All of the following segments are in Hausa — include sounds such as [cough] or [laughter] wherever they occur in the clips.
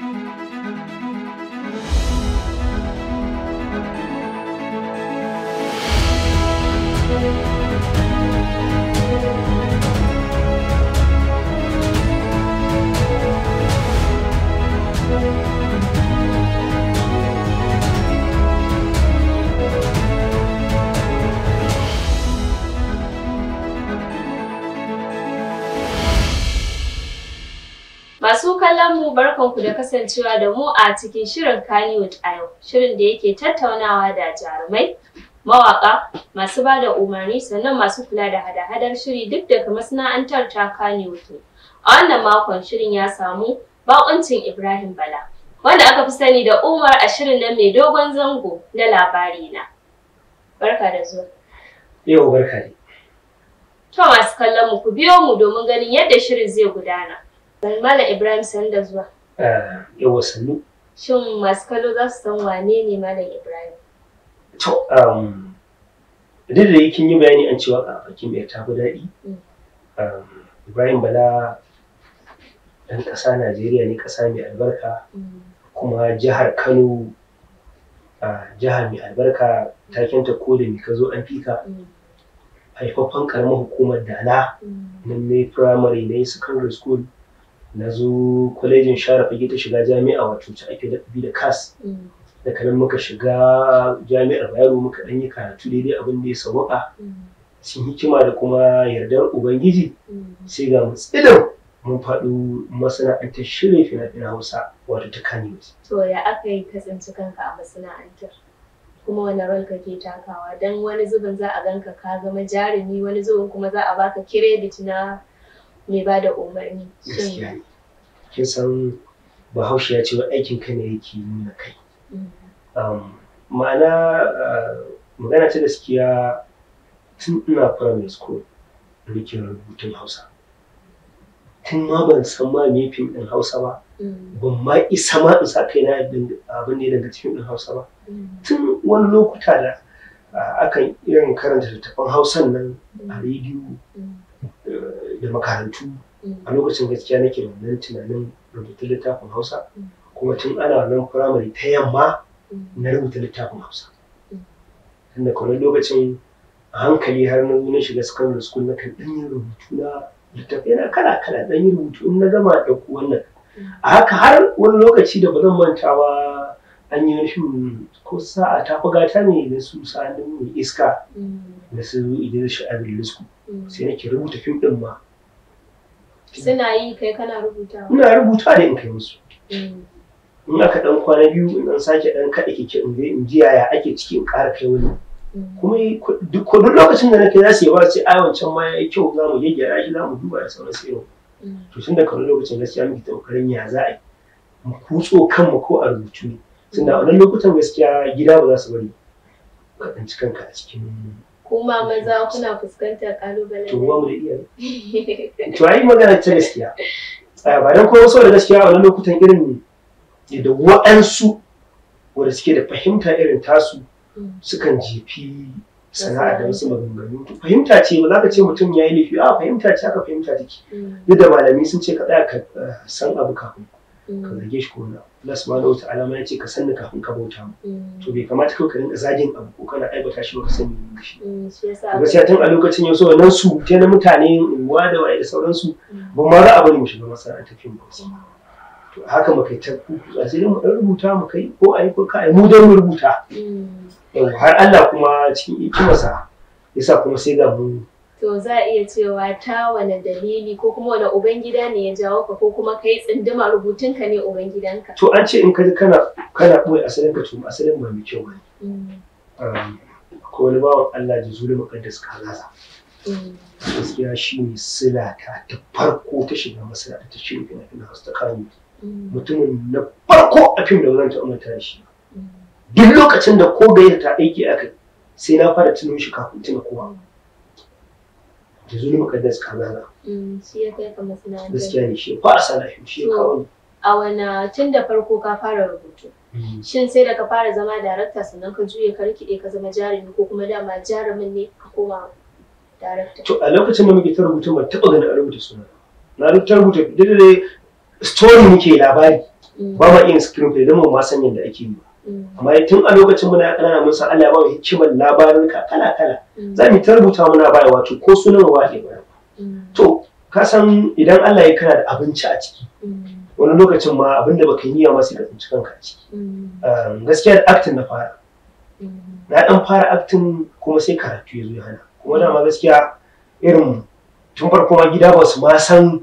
Thank you. kallon barkan ku da kasancewa da mu a cikin shirin Kannywood a yau, shirin da yake tattaunawa da jarumai, mawaka, masu ba da umarni sannan masu kula da hada-hadar shiri duk daga masana'antar ta Kannywood. A wannan makon shirin ya samu bakuncin Ibrahim Bala, wanda aka fi sani da Umar a shirin nan mai dogon zango na labari na. Barka da zuwa. Yau barka ne. To masu kallon mu ku biyo mu domin ganin yadda shirin zai gudana. Malam Ibrahim san da zuwa. Eh, Shin masu kallo za su san wane ne Malam Ibrahim? To, um, duk da kin yi bayani an cewa a bakin ta tafi daɗi. Mm. Um, Ibrahim Bala ɗan ƙasa Najeriya ne ƙasa mai albarka mm. kuma jihar Kano jihar mai albarka takenta ko da ka zo an fika mm. haifaffen karamar hukumar dala na, na primary na secondary school na zo kwalejin share fage ta shiga jami'a wato ta ake bi da kas mm. da kanan muka shiga jami'ar bayero muka ɗan yi karatu daidai abin da ya sauka mm. cin hikima da kuma yardar ubangiji mm. sai ga mu tsilin mun faɗo masana'antar shirin fina fina hausa wato ta kanimus to ya aka yi kasance kanka a masana'antar kuma wani rol kake takawa don wani zubin za a ganka ka zama jarumi wani zubin kuma za a baka kiredit na mai ba da umarni kin san bahaushe ya ce wa aikin ka ne yake nuna kai um, ma'ana uh, magana ta gaskiya tun ina primary school rike rubutun hausa tun ma ban san ma me fim din hausa ba ban ma isa ma in sa kaina abin da ya danganci cikin din hausa ba tun wani lokuta da uh, akan irin karanta littattafan hausan nan a rediyo da makarantu mm. a lokacin gaskiya nake da wannan tunanin rubuta littafin hausa mm. kuma tun ana nan firamare ta yamma mm. na rubuta littafin hausa tunda kawai lokacin a hankali har na na shiga secondary school na kan ɗanyen rubutu na littafi yana kala kala ɗanyen rubutu in na gama ku wannan a haka har wani lokaci da ba zan manta ba an yi rashin ko sa'a ta fi ta ne da su sa'adin mai iska da su idan shi abin lisku sai nake rubuta fim ɗin ma Suna yi kai kana rubuta. Ina rubuta ne in kai musu. Hmm. In aka ɗan kwana biyu in ɗan sake ɗan kaɗa keke in je in ji yaya ake ciki in ƙara kai wani. Hmm. Kuma duk lokacin da na kai za su yi ba sai ai wancan ma yayi kyau za mu gyaggyara shi za mu duba da sauran su yau hmm. To tun da kamar lokacin gaskiya muke kokarin ya za a mu kutso kanmu ko a rubutu tun Tunda a wannan lokutan gaskiya gida ba za su bari ka ɗan kanka a cikin kuma maza kuna fuskantar kalubale to ba mu da to ai magana ta gaskiya ba dan kowa saboda gaskiya a wannan lokutan irin ne da waɗansu wanda suke da fahimta irin tasu hmm. sukan jefi sana'a da wasu maganganu fahimta ce ba za ka ce mutum ya yi laifi a fahimta ce aka fahimta take hmm. duk da malami sun ce ka tsaya ka eh, san abu kafin ka zarge mm. shi ko na Allah subhanahu wata'ala ma ya ce ka sanni kafin ka bauta mu mm. to bai kamata kawai ka rinka zagin abu ko kana aibata shi ba ka sani ne shi mm, gaskiya tun a lokacin yau so nan su ta na mutane unguwa da waye da sauransu ba ma za a bari mu shiga masana'antar fim ba to haka mu kai ta a sai mu dan rubuta mu kai ko ayi yi ko mu dan mu rubuta har Allah kuma cikin ikimarsa yasa kuma sai ga mu to za a iya cewa ta wani dalili ko kuma wane ubangida ne ya jawo ka ko kuma kai tsinduma rubutun ka ne ubangidanka to an ce in ka kana kana boye asalin ka to asalin ba mai kyau bane mm. um, ko wani bawan Allah ji zuri muqaddas mm. gaskiya shi ne sila ta ta farko ta shiga masana ta na fina fina ta mutumin na farko a fim da wurin ta shi mm. duk lokacin da ko gayyata aiki aka sai na fara tuno shi kafin tuna kowa da zuni makaddas kanana mm, shi ya kai ka masana'anta gaskiya ne shi fara salafi shi kawai a wana tun da farko ka fara rubutu mm. shin sai da ka fara zama darakta sannan ka juye ka rikide ka zama jarumi ko kuma dama jarumin ne ka koma darakta to a lokacin da muke ta rubutu ban taɓa ganin a rubuta suna na rubuta rubuta dole story muke labari mm. ba ma iya in screenplay don mu ma san yadda ake yi ba amma tun a lokacin muna kanana mun san Allah ya ba hikimar labarin ka kala kala mm. za mu ta rubuta muna baya wato ko sunan wahi ba mm. to ka idan Allah ya kana da abinci a ciki mm. wani lokacin ma abinda baka yi niyya ma sai kanka a ciki ehm, gaskiya da aktin na fara na dan fara aktin kuma sai karatu ya zo ya hana kuma dama gaskiya irin tun farko ma gida ba su ma san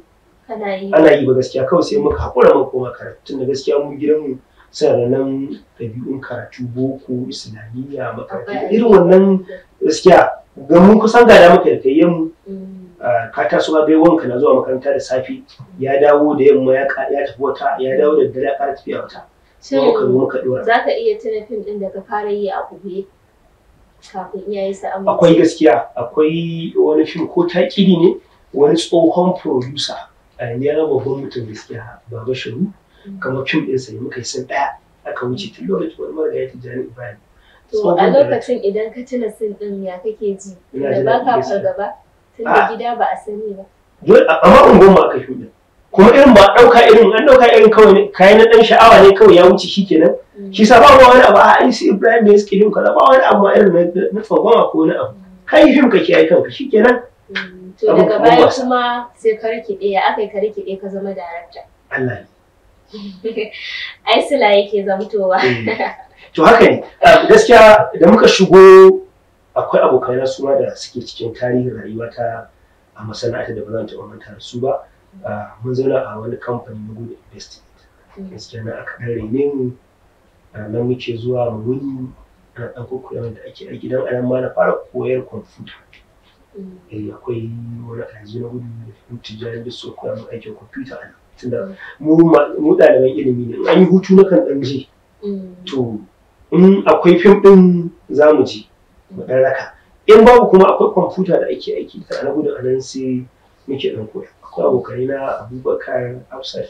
ana yi ba gaskiya kawai sai muka haƙura mun koma karatu tun da gaskiya mu gidan mu sannan ɗabi'un karatu boko islamiyya makarantu irin wannan gaskiya ga mun kusan gada maka da kayyan mu mm. ah, ka taso bai wanka na zuwa makaranta da safe ya dawo da yamma ya tafi wata ya dawo da dare ya ƙara wata sai zo muka dora iya tuna fim din da ka fara yi a gobe kafin iyaye su akwai gaskiya akwai wani fim ko taƙiri ne wani tsohon producer a yanzu babban mutum gaskiya baba shiru kamar fim ɗin sa muka yi sun ɗaya aka wuce tun lokacin wani mara gaya jani ibrahim to a lokacin idan ka tuna sin ɗin ya kake ji da ba ka fargaba tun da gida ba a sani ba amma ungon ma aka shuɗa kuma irin ba ɗauka irin an ɗauka irin kawai ne kayan na ɗan sha'awa ne kawai ya wuce shi kenan mm. shi sa ba wani abu a an su ibrahim ya suke yin kaza ba wani abu ma irin na tsogoma ko wani abu mm. kai fim kake yi kanka shi kenan mm. to daga baya kuma sai ka rikide ya aka ka rikide ka zama darakta Allah ne [laughs] ai sila yake zamtowa eh. [laughs] to haka ne ah, gaskiya da muka shigo akwai abokaina su ma da suke cikin tarihin rayuwa ta a masana'anta da ba zan taɓa manta da su ba ah, mun zauna a wani kamfani na good investment hmm. gaskiya na aka ɗan rene mu ah, nan muke zuwa mu wuni ɗan kukkula wanda ake aiki gidan anan ma na fara koyar kwamfuta hmm. eh, akwai wani aji na gudu da tijjani da su koya mu aikin kwamfuta a nan tunda mu ɗaliban ilimi ne an yi hutu na kan ɗan je mm. to in akwai fim ɗin za mu je mu ɗan raka in babu kuma akwai kwamfuta da ake aiki ta na gudun anan sai muke ɗan koya akwai abokai na abubakar hafsat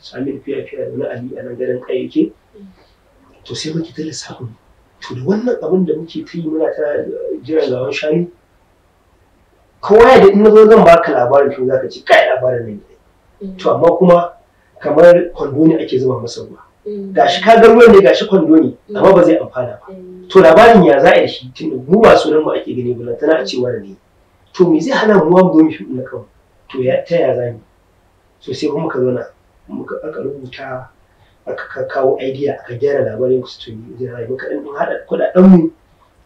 samir fiya-fiya da wani ali a nan gadon kayayyaki to sai muke ta lissafin to da wannan abin da muke ta yi muna ta jiran gawan shanu kowa da in na zo zan baka labarin shi za ka ci kai labarin nan Mm. to amma kuma kamar kwando ne ake zuba masa ruwa mm. gashi ka ga ruwan ne gashi kwando ne mm. amma ba zai amfana ba to labarin ya za a yi shi tun mu ba sunan mu ake gani bulan a cewa ne to me zai hana mu mu mu shi na kanmu to ya ta ya za mu so sai kuma ka zauna muka aka rubuta aka kawo idea aka gyara labarin su to zai rayu muka dan hada kudaden mu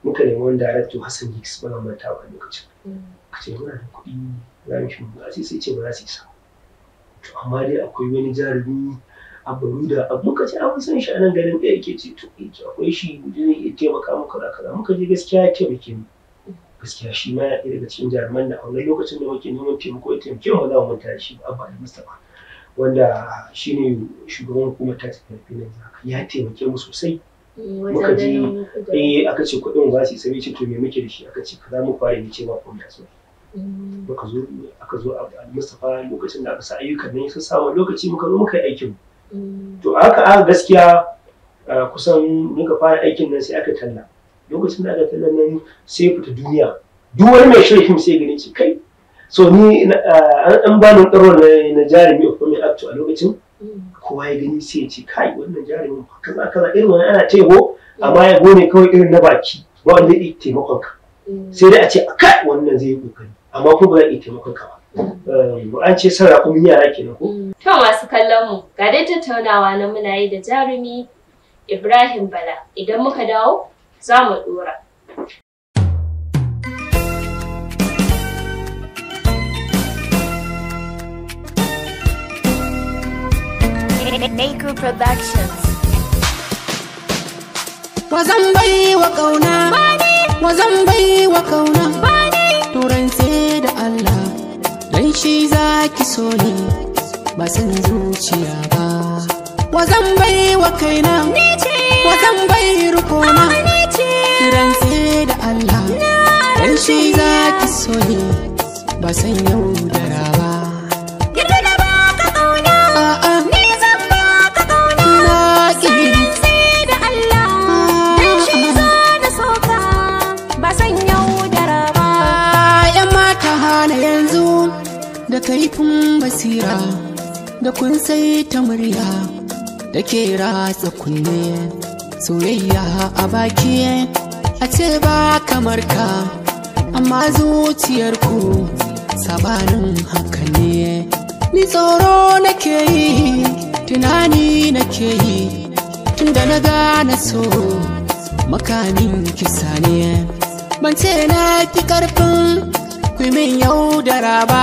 muka nemi wani director Hassan Hicks ba ta ba lokacin kace muna da kuɗi za mu shi ba sai sai ce ba za su sa. to amma dai akwai wani jarumi a baruda a muka ce an ah, san shi a nan garin ɗaya ke ce eh, to akwai shi zai iya taimaka muka da kaza muka je gaskiya ya taimake mu gaskiya shi ma ya daga cikin jaruman da a wani lokacin da muke neman taimako ya taimake mu za mu manta shi abba da mustapha wanda ne shugaban hukumar ta tafi filin ya taimake mu sosai eh, muka ji eh aka ce kuɗin ba su sai ce to me muke da shi aka ce kaza mu fara ne ce ba komai so muka zo aka zo a Mustapha lokacin da aka sa ayyukan nan ya samu lokaci muka zo muka yi aikin mm. to aka a gaskiya kusan muka fara aikin nan sai aka talla lokacin da aka talla nan sai fita duniya duk wani mai shirin fim sai gani ce kai so ni an ba ni ɗaro na jarumi of mai aktu a lokacin mm. kowa ya gani sai ya ce kai wannan jarumin kaza kaza irin wani ana ce amma ya gone kawai irin na baki wanda ya taimakon ka sai dai a ce kai wannan zai yi kokari amma ku ba zan iya taimakon ka ba ehm, an ce sarra kuma yara ke ko mm. to masu kallon mu ga dai tattaunawa na muna yi da jarumi Ibrahim Bala idan muka dawo za mu dora Productions. wa ƙauna. bai wa kauna turance da Allah dan shi zaki so ne ba san zuciya ba wazan baiwa kaina wazan bai rukona turance da Allah dan shi zaki so ne ba san yaudara ba kaifin basira da kun sai ta murya da ke ratsa kunne soyayya a baki a ce ba kamar ka amma zuciyarku sabanin haka ne ni tsoro nake yi tunani nake yi tun da na gane so makamin kisa ne ban ce na fi karfin kwimin yau da raba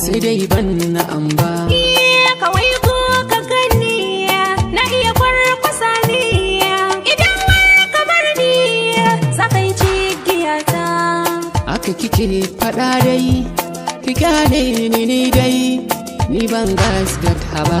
sai dai ban na amba kawai ko ka gani na iya kwarkwasa ni idan har kamar ni za ka yi cigiya ta aka kike faɗa dai ki gane ni ni dai ni ban gasgata ba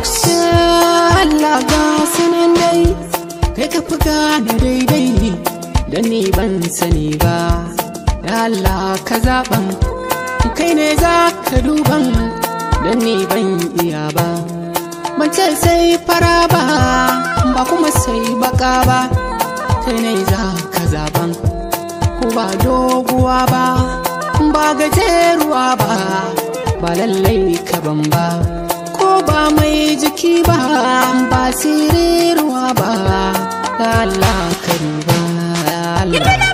mix Allah ga sunan dai kai ka fi gane daidai da ni ban sani ba ya Allah ka zaɓan kai ne za ka duban da ni ban iya ba mace sai fara ba ba kuma sai baka ba kai ne za ka zaɓan ko ba doguwa ba ba gajeruwa ba ba lallai ka ban ba mai jiki ba ba ruwa ba Allah ka ba Allah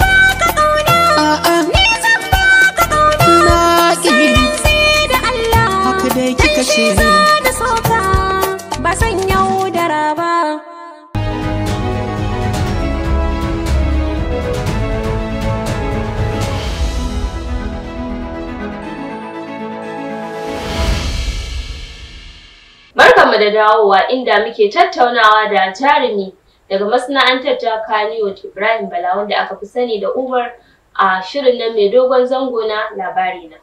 gaba da dawowa inda muke tattaunawa da jarumi daga masana'antar Jakaniyo Ibrahim Bala wanda aka fi sani da Umar a shirin nan mai dogon zango na labari na.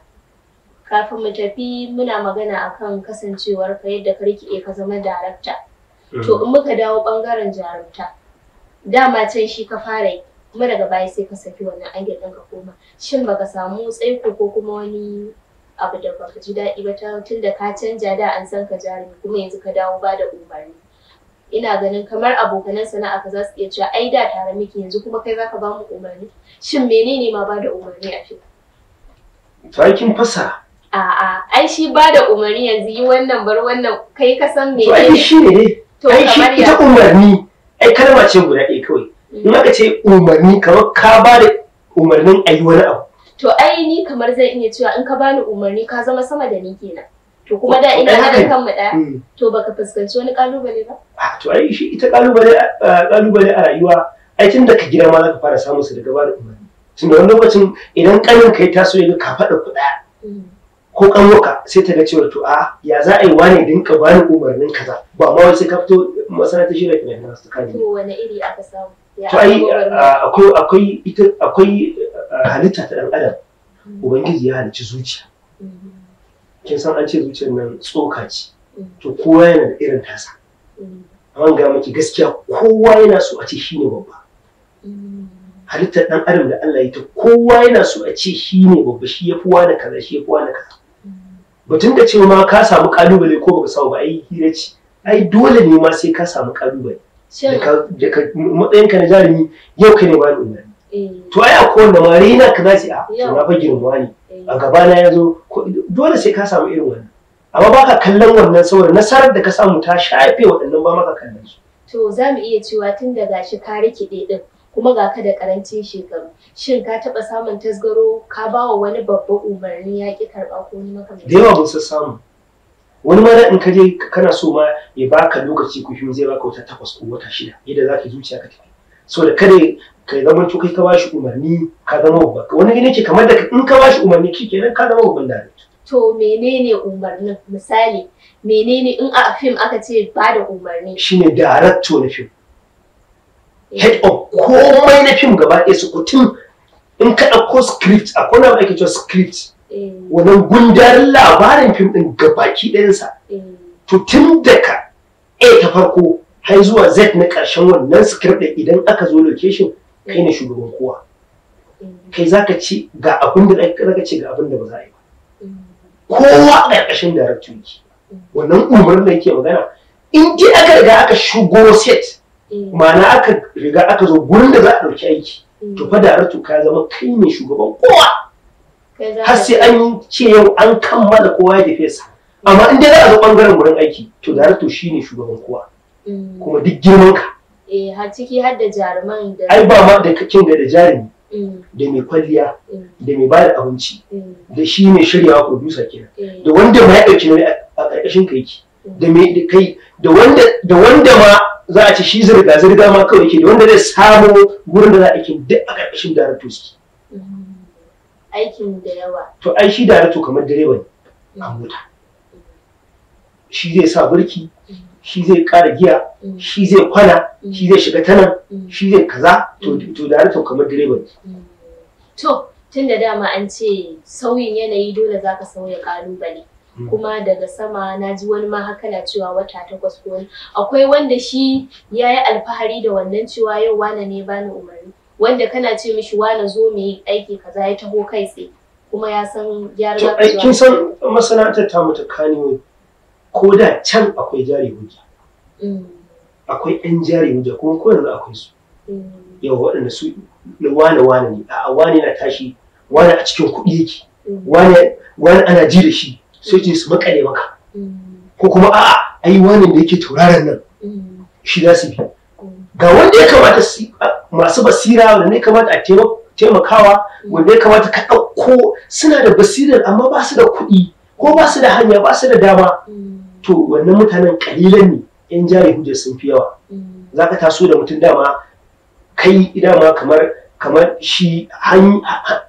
Kafin mu tafi muna magana akan kasancewar ka yadda ka rike ka zama darakta. To in muka dawo bangaren jarumta. Dama can shi ka fara yi kuma daga baya sai ka saki wannan angel ɗin ka koma. Shin baka samu tsaiko ko kuma wani abu da baka ji daɗi ba ta tun da ka canja da an san ka jarumi kuma yanzu ka dawo ba da umarni ina ganin kamar abokanan sana'a ka za su iya cewa ai da tare miki yanzu kuma kai za ka ba mu umarni shin menene ma ba da umarni a fi kin fasa a'a ai shi ba da umarni yanzu yi wannan bar wannan kai ka san me ne shi ne to kamar ya ita umarni ai kalma ce guda ɗaya kawai in aka ce umarni kamar ka ba da umarnin ayi wani abu to ai ni kamar zan iya cewa in ka bani umarni ka zama sama da ni kenan to kuma da ina kan kanmu ɗaya hmm. to baka fuskanci wani kalubale ba a ah, to ai shi ita kalubale kalubale ah, a rayuwa ai tun da ka gida ma zaka fara samu su daga bada umarni tun da wani lokacin idan kanin kai taso ya ga ka faɗa kuɗa hmm. ko kanwaka sai ta ga cewa to a ya za a yi wane dinka bani umarnin kaza ba ma wani sai ka fito ta shirya finafinan su kare to wani iri aka samu to ai ah, akwai akwai ita akwai Eh, halitta ta ɗan adam ubangiji ya halicci zuciya kin san an ce zuciyar nan tsoka ce to kowa yana da irin tasa an ga miki gaskiya kowa yana so a ce shine babba halittar ɗan adam da Allah ya ta kowa yana so a ce shine babba shi ya fuwa da kaza shi ya fuwa da kaza batun da cewa ma ka samu kalubale ko baka samu ba ai hira ce ai dole ne ma sai ka samu kalubale da ka matsayin na jarumi yau kai ne ba ni Eh. to ai akwai wanda ma rina ka zaci a ah, na fa girma ne eh. a gaba na yazo dole sai ka samu irin wannan amma baka kallon wannan saboda nasarar da ka samu ta shafe waɗannan ba maka kallon su to za mu iya cewa tun da gashi ka rikide din kuma ga ka da karancin shekaru shin ka taba samun tasgaro ka ba wa wani babban umarni ya ki karɓa ko ni makamanci da yawa mun san samu wani ma in ka je kana so ma ya baka lokaci ku zai baka wata takwas ko wata shida yadda za zuciya ka tafi so da kada ka zama to kai ka bashi umarni ka zama babba wani gani ce kamar da in ka bashi umarni kenan ka zama babban da to menene umarnin misali menene in a film aka ce ba da umarni shine director na film eh. head of komai na film gaba ɗaya su kutum in ka ɗauko script a na ake cewa script eh. wannan gundarin labarin fim ɗin gabaki ɗayansa eh. to tun ka a ta farko har zuwa z na ƙarshen wannan script ɗin idan aka zo location kai ne shugaban kowa mm. kai zaka ci ga abin da zaka ci ga abin da ba za a yi ba mm. kowa a ƙarƙashin daraktan yake mm. wannan umarnin da yake magana in ji aka riga aka shigo set ma'ana aka riga aka zo gurin da za a ɗauki aiki to fa daratu ka zama kai ne shugaban kowa har sai an ce yau an kammala kowa ya tafi amma in dai za a zo bangaren wurin aiki to shi ne shugaban kowa kuma duk girman ka eh har ciki har da jaruman da ai ba ma da kakin ga da jarumi mm. da mai kwalliya mm. da mai bada abinci mm. da shi mai shiryawa ko producer kenan eh. da wanda ma ya dauki nauyi a ƙarƙashin kai da mai da wanda da wanda ma za a ci shi zirga zirga ma kawai ke da wanda zai samu gurin da za a kin duk a ƙarƙashin director suke aikin da yawa to ai shi director kamar direba ne a mota shi zai sa burki shi zai ƙara giya mm. shi zai kwana mm. shi zai shiga tanan mm. shi zai kaza to da to kamar direban to tun da dama an ce sauyin yanayi dole zaka sauya kalubale kuma daga sama na ji wani ma haka na cewa wata takwas ko akwai wanda shi ya yi alfahari da wannan cewa yau wane ne bani umarni wanda kana ce mishi wane zo mu yi aiki kaza ya taho kai tsaye kuma ya san ya riga kin san masana'antar ta mutakani ne. ko da can akwai jari hujja mm. akwai yan jari hujja kuma ko yanzu akwai su mm. yawa waɗanda su wane wane ne a wane na tashi wane a cikin kuɗi yake mm. wane ana ji da shi sai ce su makale maka ko kuma a'a ai wane da yake tauraron nan shi za su bi ga wanda ya kamata masu basira wanda ya kamata a taimakawa wanda ya kamata ka ɗauko suna da basirar amma ba su da kuɗi ko ba su da hanya ba su da dama mm. to wannan mutanen kalilan ne yan jari hujjar sun fi yawa mm. za ka taso da mutum dama kai dama kamar kamar shi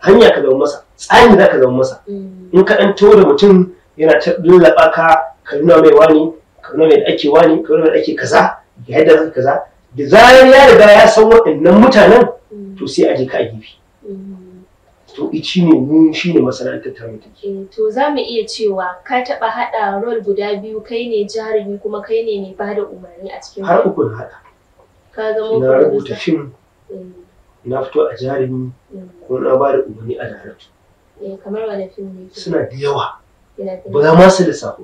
hanya ka zama masa tsarin za ka zama masa mm. in ka ɗan da mutum yana ta lullaba ka ka nuna mai wani ka nuna mai ake wani ka nuna ake kaza ya yadda zai kaza da zarar ya riga ya san waɗannan mutanen to sai a je ka a gefe to ici ne mu shi ne masana'antar ta mutu. Eh, to za mu iya cewa ka taɓa haɗa rol guda biyu kai ne jarumi kuma kai ne mai bada umarni a cikin Har uku na haɗa. Ka zama Na rubuta fim, eh. na fito a jarumi, eh. ko na bada umarni a jarumi. Kamar wani fim ne? Suna da yawa. Ba za ma su da sako.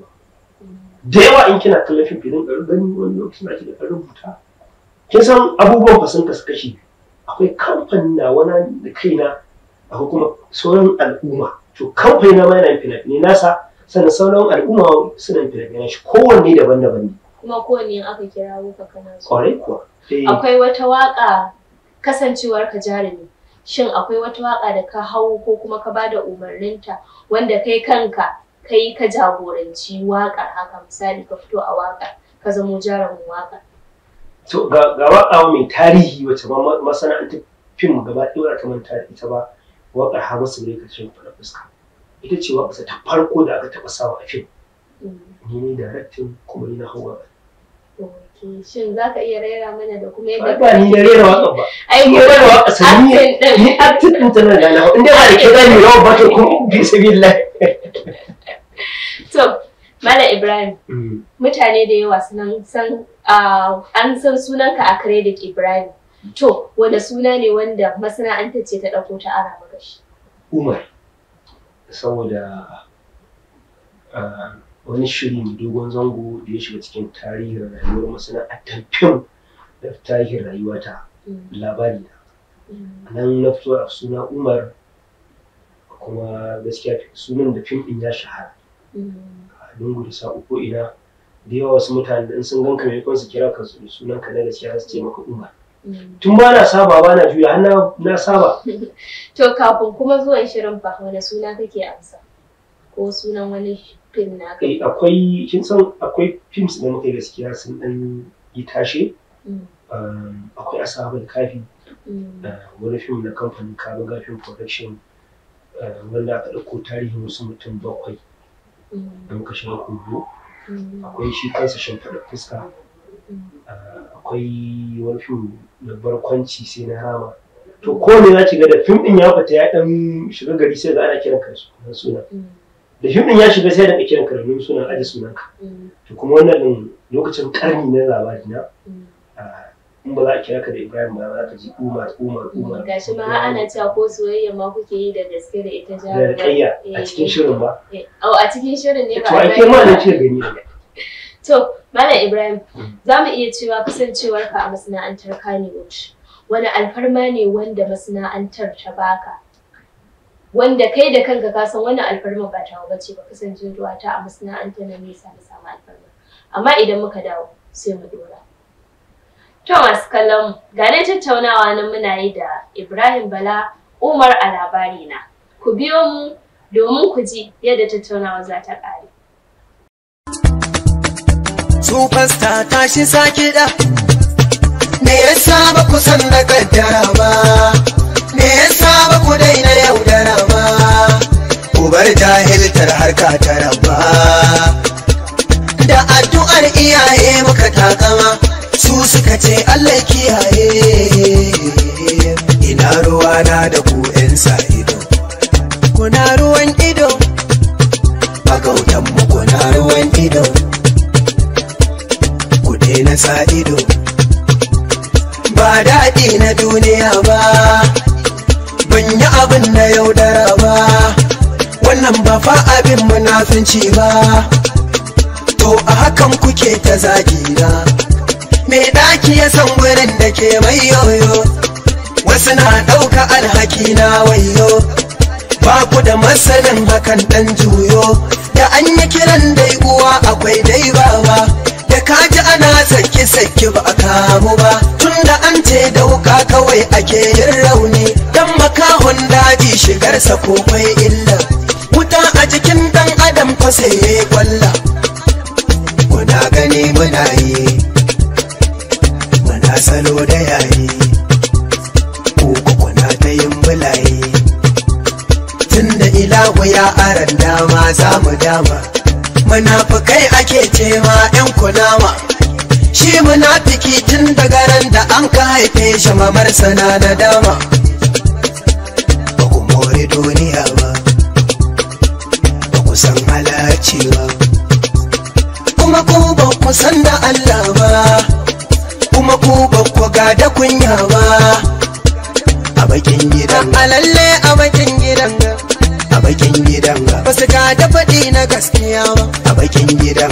Da yawa in kina kallon fim filin ɗaru gani wani lokacin da kika rubuta. Kin san abubuwan fasanka su kashi akwai kamfanin na wani da kaina akwai kuma sauran al'umma to kamfani na ma yana fina-finai nasa sannan sauran al'umma suna fina finai shi kowanne daban-daban ne kuma kowanne aka kira ka kana so kwarai kuwa eh. akwai wata waka kasancewar ka jarumi shin akwai wata waka da ka hau ko kuma ka bada umarninta wanda kai kanka kai ka jagoranci wakar haka misali ka fito a waka ka zamo jarumin waka to ga ga waka mai tarihi wacce masana'antar fim gaba ɗaya ta manta da ita ba waƙar hawa saurayi ka cin fara fuska ita ce waƙarsa ta farko da aka taɓa sawa a fim ni ne directing kuma ni na hawa shin za ka iya rera mana da kuma yadda ba ni da rera waƙar ba ai ni rera waƙar sa ni ni acting din tana da na inda ba da ke zan yi rawa ba [laughs] to kuma bi sabilillah to Mala Ibrahim, mm. mutane da yawa sun san an san sunanka a Credit Ibrahim. To, wanda suna ne wanda masana'anta ce ta ɗauko ta Araba? umar saboda ah, wani shiri dogon zango da ya shiga cikin tarihin rayuwar masana'antar fim da tarihin ta mm. labari na mm. nan na fito a suna umar kuma gaskiya sunan da fim din ya shahara mm. a dungu da sa'u ko ina da yawa wasu mutane da sun ganka mai su kira ka sunan ka na gaskiya su ce maka umar tun ba na saba ba na juya har na saba [laughs] to kafin kuma zuwan shirin fa wani suna kake amsa ko sunan wani fim na kai eh, akwai kin san akwai films da muke gaskiya sun dan yi tashe mm. ehm, akwai asabar kafi mm. eh, wani fim na kamfanin kabuga film production eh, wanda aka ɗauko tarihin wasu mutum bakwai mm. da muka shiga kudu akwai shi kansa fuska Ah, akwai wani fim na barkwanci sai na rama to ko ne ki ga da fim din ya fita ya dan shiga gari sai ga ana kiran ka sunan suna mm. da fim din ya shiga sai da kiran ka sunan suna aji sunan ka mm. to kuma wannan din lokacin karni na labari na mm. ah, in ba za a kira ka da Ibrahim ba za ka ji umar umar umar gashi ma ana cewa ko soyayya ma kuke yi da gaske da ita jarumin da kayya a cikin eh. shirin ba eh, a cikin shirin ne ba to ake ma na ce gani ne To, Malam Ibrahim, hmm. za mu iya cewa kasancewarka a masana'antar Kannywood. Wani alfarma ne wanda masana'antar ta baka? Wanda kai da kanka ka san wani alfarma ba ta bace ba kasancewa ta a masana'antar na nesa na samu alfarma. Amma idan muka dawo sai mu dora. Thomas kallon ga ne tattaunawa nan muna yi da Ibrahim Bala Umar a labari na. Ku biyo mu domin ku ji yadda tattaunawa za ta ƙare. superstar tashi saki da me yasa ba ku san da kaddara ba me yasa ba ku daina yaudara ba ku bar jahiltar harka ta mutunci ba to a hakan kuke ta zagi na. me daki ya san gurin da ke mai yoyo wasu na ɗauka alhaki na wayo ba ku da masanin hakan ɗan juyo da an yi kiran dai uwa akwai dai baba da kaji ana saki saki ba a kamu ba tunda an ce dauka kawai ake yin rauni dan makahon daji shigarsa ko kwai illa wuta a jikin sai ya kwalla muna gani muna yi muna salo da yayi Ko kuna ta yin bulaye tunda ilahu ya aran dama za mu dama munafukai ake cewa yan kunama shi munafiki tun daga ran da an ka haife shi mamar sana na dama ba ku more duniya ba ku san da Allah ba kuma ku ba ga da kunya ba a bakin gidan a lalle a bakin gidan a bakin gidan ba su ga da faɗi na gaskiya ba a bakin gidan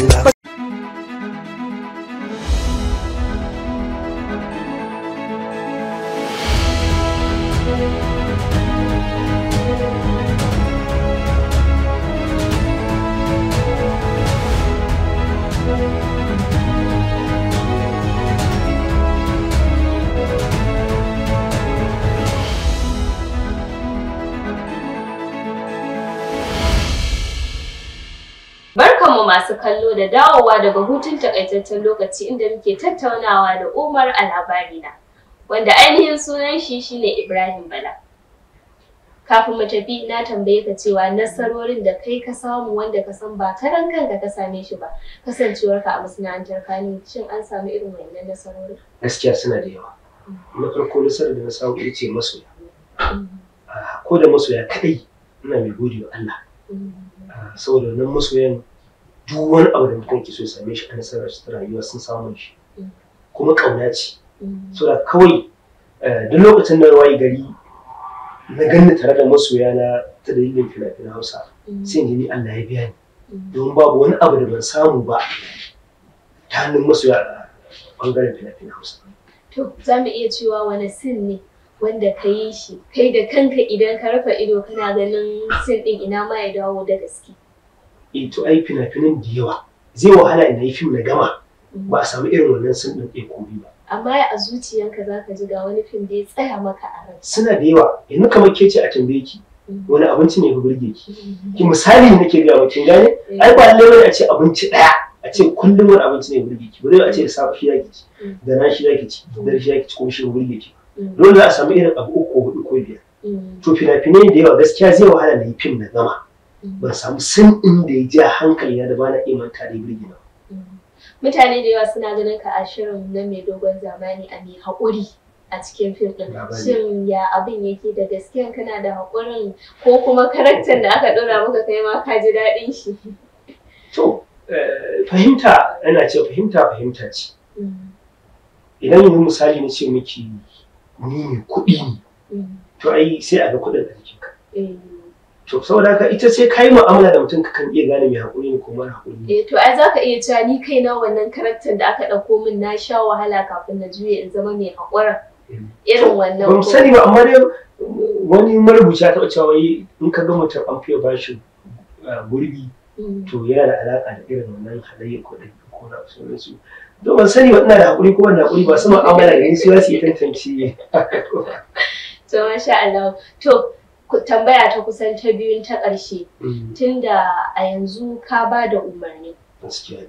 masu kallo da dawowa daga hutun takaitaccen lokaci inda muke tattaunawa da Umar a labari na, wanda ainihin sunan shi shine Ibrahim Bala. Kafin mu tafi na tambaye ka cewa nasarorin da kai ka samu wanda ka san ba karan kanka ka same shi ba, kasancewarka a masana'antar kani shin an samu irin wannan nasarorin? Gaskiya suna da yawa. Na farko nasarar da na samu ita ce masoya. Mm. Ko da masoya kadai ina mai godiya wa Allah. Mm. Saboda wannan masoyan duk wani abu da mutum ke so ya same shi a nasarar ta rayuwa sun samu shi kuma ƙauna ce so da kawai eh, duk lokacin da wayi gari na ganin tare da masoya na ta dalilin fina-finan hausa sai ni Allah ya biya ni don babu wani abu da ban samu ba ta hannun masoya a bangaren fina-finan hausa to za mu iya cewa wani sin ne wanda ka yi shi kai da kanka idan ka rufe ido kana ganin sin din ina ma ya dawo da gaske e to ai fina-finan da yawa zai wahala ina yi fim na gama ba a samu irin wannan sun ɗin ɗaya ba. Amma a zuciyarka za ka ji ga wani fim da ya tsaya maka a rai. Suna da yawa yanzu kamar ke ce a tambaye ki mm-hmm. wani abinci ne ya burge ki. Mm-hmm. Ki misali nake ga mutum gane eh. ai ba lallai a ce abinci ɗaya. a ce kullum wani abinci ne burge ki bari a ce da safe ya mm. ki ci da na shi ya ki ci da shi ya ki ci kuma shi burge ki mm. dole za a samu irin abu uku ko hudu ko biyar mm. to fina-finai da yawa gaskiya zai wahala na yi fim na gama Mhm. ban samu san inda ya ja hankali na da ba na imanta da birgina. Mhm. Mutane da yawa suna ganin ka a shirin na mai dogon zamani a mai haƙuri a cikin fim ɗin. Shin ya abin yake da gaskiya kana da haƙurin ko kuma karakter da aka ɗora maka kai ma ka ji daɗin shi. To, eh, fahimta ina ce fahimta fahimta ce. Mhm. Idan yanzu misali na ce miki ni ne kuɗi ne, to ai sai a ga kuɗin da jikinka. Eh. to saboda haka ita ce kai mu'amala da mutum kan iya gane mai hakuri ne ko mara hakuri eh to ai zaka iya cewa ni kaina wannan karakter da aka dauko min na sha wahala kafin na juye in zama mai hakura eh. irin wannan ban sani ba amma dai wani marubuci ya taɓa cewa wai in ka ga mutum an fiye ba shi ah, gurbi mm. to yana da alaka da irin wannan halayya ko da ko na sauransu don ban sani ba ina da hakuri ko wannan hakuri ba su mu'amala da ni su ya su yi tantance [laughs] to masha Allah to tambaya ta kusan ta biyun ta ƙarshe mm. tunda a yanzu ka ba da umarni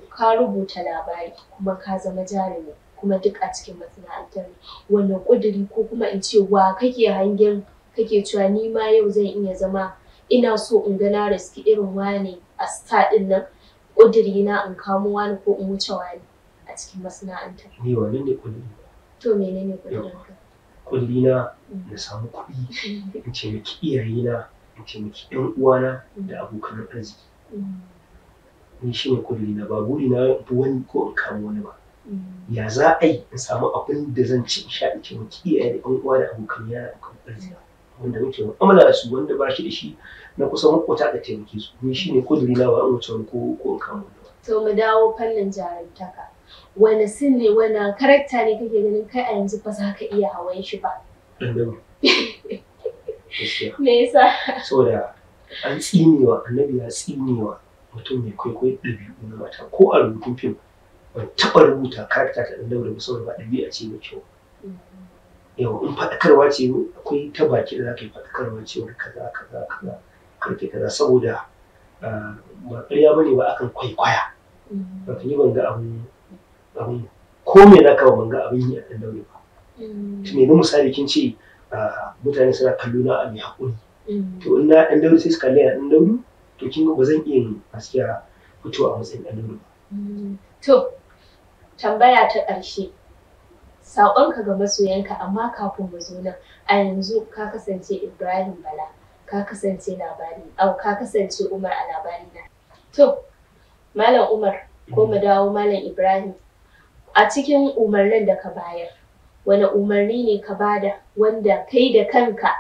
ka rubuta labari kuma ka zama jarumi kuma duk a cikin masana'antar wannan ƙuduri ko kuma in ce wa kake hangen kake cewa ni ma yau zan iya zama ina so in ga na riski irin wani a star nan ƙuduri na in kamo wani ko in wuce wani a cikin masana'antar. Ni wani ne ƙuduri? To menene kullina na samu kuɗi in taimaki iyayena in taimaki ƴan uwana da abokan arziki ni shi ne kullina ba buri na fi wani ko in kawo wani ba ya za a yi in samu abin da zan ci in sha in taimaki iyaye da ƴan uwa da abokan yana abokan arziki wanda muke mu'amala da su wanda ba shi da shi na kusa makwata da taimake su ni shi ne kullina ba in wuce wani ko in kawo wani ba. to mu dawo fannin jarumtaka. wani sin ne wani karakta ne kake ganin kai a yanzu ba za ka iya hawan shi ba [laughs] me saboda an tsinewa annabi ya tsinewa mutum mai kwaikwayo ɗabi'u na mata ko a rubutun fim ban taɓa rubuta karakta ta ɗan daura ba saboda ba ɗabi'a ce mai kyau yau in faɗakarwa ce akwai ta baki da za ka yi faɗakarwa ce wani kaza kaza kaza karfe kaza saboda ah, ba ƙarya ba ne ba akan kwaikwaya mm-hmm. ba ka yi ban ga abu abin ko me na ka ba banga abin yi a ɗan daure ba to mm. me misali kin ce mutane suna kallo na a haƙuri mm. to in na ɗan daure sai su kalle a ɗan daure to kin ga ba zan iya yin gaskiya fitowa a matsayin ɗan daure ba mm. to tambaya ta ƙarshe saƙonka ga masoyanka amma kafin mu zo nan a yanzu ka kasance Ibrahim Bala ka kasance labari au ka kasance Umar a labari na to Malam Umar ko mu dawo Malam Ibrahim a cikin umarnin da ka bayar wani umarni ne ka bada wanda kai da kanka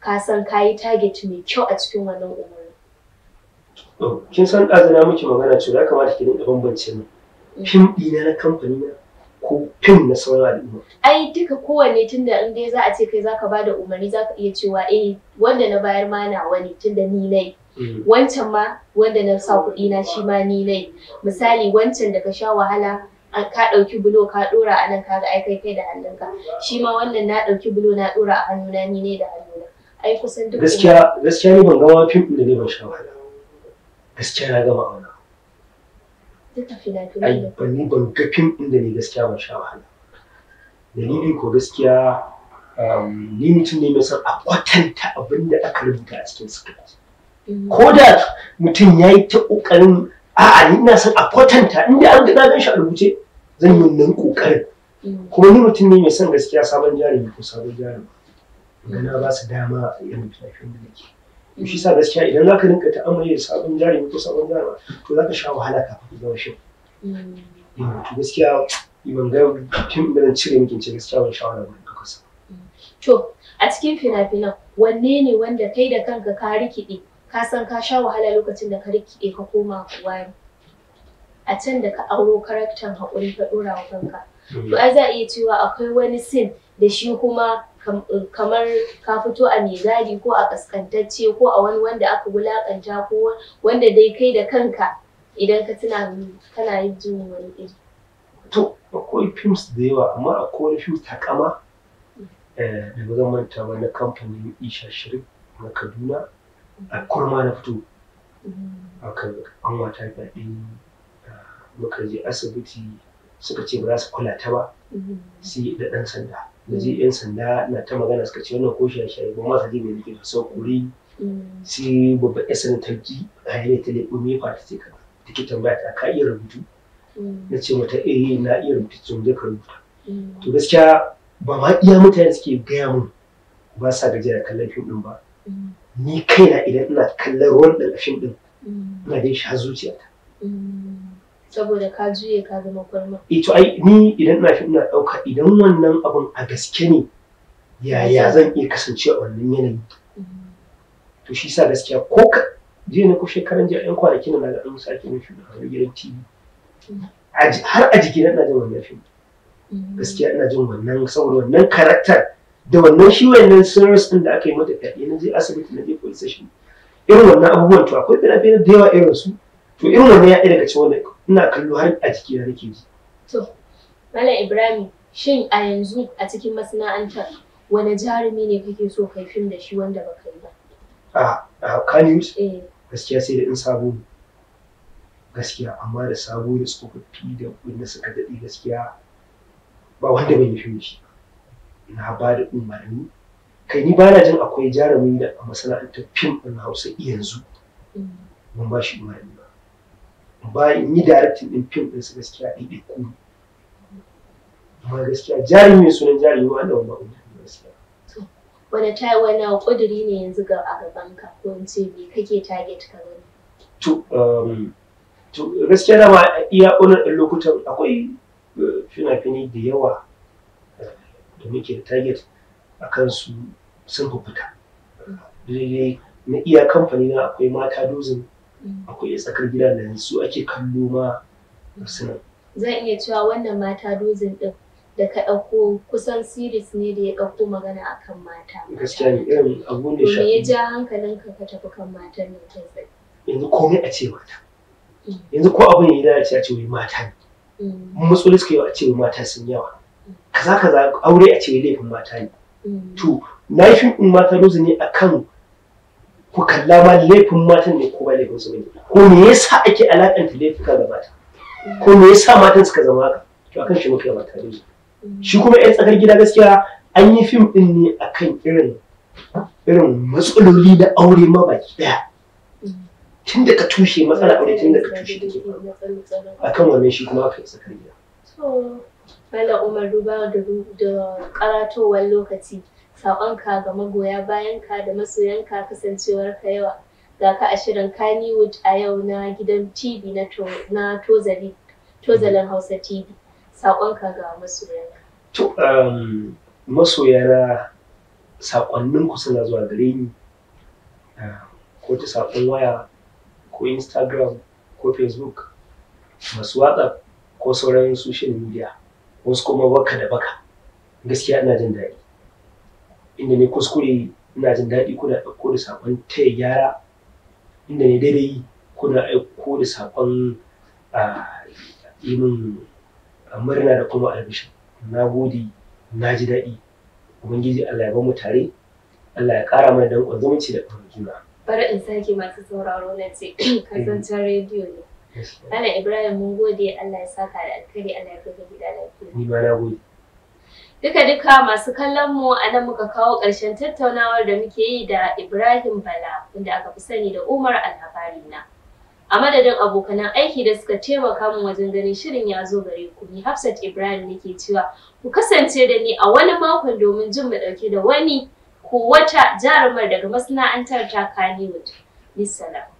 ka san ka yi target mai kyau a cikin wannan umarni. kin san ɗazina miki magana cewa ya kamata ki dinga bambance ni mm. fim ɗina na kamfani na ko fim na sauran al'umma. ai duka kowanne tunda in dai za a ce kai za ka bada umarni ka iya cewa eh wanda na bayar ma na wani tunda ni nai mm. wancan ma wanda na sa kuɗi na shi ma ni nai mm. misali wancan da ka sha wahala ka ɗauki bulo ka ɗora a nan kaga ai kai kai da hannunka shi ma wannan na ɗauki bulo na ɗora a hannuna ni ne da hannuna ai kusan duk gaskiya gaskiya ni ban ga ma fim da ne ban sha wahala gaskiya na gama wannan duk tafi na ai ban ni ban ga fim da ne gaskiya ban sha wahala dalilin ko gaskiya um, ni mutum ne mai son a kwatanta abin da aka rubuta a cikin script mm. ko da mutum ya yi ta ƙoƙarin a'a ni ina son a kwatanta inda an ga na gan shi a rubuce zan yi wannan kokarin mm. kuma ni mutum ne mai son gaskiya sabon jari ne ko sabon jarumi na ba su dama a irin fina da nake shi sa gaskiya idan za ka rinka ta da sabon jarumi ko sabon jarumi to za ka sha wahala kafin ka zama shi mm. eh, to gaskiya ban ga tun da zan cire miki ce gaskiya ban sha wahala ba ka kasa mm. to a cikin fina-finan wanne ne wanda kai da kanka ka rikide ka san ka sha wahala lokacin da ka rikide ka koma wayar a can da ka auro karaktan hakuri ka ɗora wa kanka to mm. ai za a iya cewa akwai wani sin da shi kuma kamar ka fito a mai ko a kaskantacce ko a wani wanda aka wulakanta ko wanda dai kai da kanka idan ka tuna kana yin jin wani iri to akwai films da yawa amma akwai wani film takama mm. eh, da ba zan manta ba na kamfanin isha shirin na kaduna a kurma na fito mm. a kan an wata ɗin muka je asibiti suka ce ba za su kula ta ba mhm. sai da ɗan sanda da je yan sanda na ta magana suka ce wannan ko shaye-shaye ba masa je mai ke da sau kuri mm. sai babban yan sanda ta ji a yanayi ta leɓo me ta ce ta take tambaya ta ka iya rubutu mm. na ce mata eh na iya rubutu sun je ka rubuta mm. to gaskiya ba ma iya mutane suke gaya mun ba sa gajiya da kallon fim din ba ni kaina idan ina kallon ruwan ɗan fim din ina jin shi har zuciyata saboda ka juye ka zama kwalma Ito eh ai ni idan ina shi ina ɗauka idan wannan abun a gaske ne yaya zan iya kasance a wannan yanayi mm-hmm. to shi sa gaskiya ko ka Jiya na ko shekaran jiya yan kwanaki na ga an sake min shi da gidan TV har a jiki na jin wannan fim mm-hmm. gaskiya ina jin wannan saboda wannan karakter da wannan shi wannan sirris ɗin da aka yi mata fyaɗe na je asibiti na je police station irin wannan abubuwan to akwai fina-finai da yawa irin su to irin wannan ya ɗaya daga cikin wannan ina kallo har a ciki na nake ji to Malam Ibrahim shin a yanzu a cikin masana'antar wani jarumi ne kake so kai fim da shi wanda baka yi ba a a Kanius eh. gaskiya sai da in sabo ne gaskiya amma da sabo da tsofaffi da wanda suka daɗe gaskiya ba wanda bai yi fim shi na ba da umarni kai ni bana jin akwai jarumi da a masana'antar fim ɗin hausa yanzu mun mm. ba shi umarni bayan yi directing din fim din su gaskiya ɗaiɗai ku amma gaskiya jarumi mai sunan jarumi wanda ba ku gaskiya wani ta wani ƙuduri ne yanzu ga a gaban ka ko in ce me kake target ka gani to um, to gaskiya da ma iya ƙunar ɗin lokutan akwai uh, fina-fini da yawa uh, da muke da target a kansu sun fita daidai na iya kamfani na akwai mata dozin akwai tsakar gida da su ake kallo ma suna zan iya cewa wannan mata dozin din da ka ɗauko kusan series ne da ya ɗauko magana akan mata gaskiya ne irin abu ne shafi ya ja hankalinka ka tafi kan matan nan kai tsaye yanzu komai a ce mata mm. yanzu ko abin ya da a ce wai mata ne mm. matsoli suka yawa a ce mata sun yawa mm. kaza kaza aure a ce laifin mata ne to na yi fim mata dozin ne akan ku kalla ma laifin matan ne ko ba laifin su bane ko me yasa ake alakanta laifuka da mata ko me yasa matan suka zama haka to akan shi muka ba tare shi kuma yan tsakar gida gaskiya an yi fim din ne akan irin irin matsaloli da aure ma baki daya tun da ka tushe matsala aure tun da ka tushe take akan wannan shi kuma aka yi tsakar gida Bala Umar duba da karatowar lokaci saƙonka ga magoya bayan ka da masoyanka ka yawa ga ka a shirin Kannywood a yau na gidan TV na Tozalin Hausa TV. Saƙonka ga masoyanka. To, um, masoyana saƙonninku suna zuwa gare ni uh, ko ta saƙon waya ko Instagram ko Facebook masu watsaf, ko sauran social media wasu kuma baka da baka gaskiya ina jin daɗi inda ne kuskure ina jin daɗi kuna ɗauko da saƙon taya gyara inda ne daidai kuna aiko da saƙon yi min murna da kuma albishi na gode na ji daɗi ubangiji allah ya mu tare allah ya ƙara mana danƙon zumunci da ƙarfin juna bari in sake masu sauraro na ce [clears throat] kasancen rediyo ne Ana Ibrahim mun gode Allah ya saka da alkhairi Allah ya kai gida lafiya. Ni ma na gode. Duka duka masu kallon mu a nan muka kawo ƙarshen tattaunawar da muke yi da Ibrahim Bala wanda aka fi sani da Umar Alhabari na. A madadin abokanan aiki da suka taimaka min wajen ganin shirin ya zo gare ku ni Hafsat Ibrahim nake cewa ku kasance da ni a wani makon domin jin mu ɗauke da wani ko wata jarumar daga masana'antar ta Kannywood. Bisalam.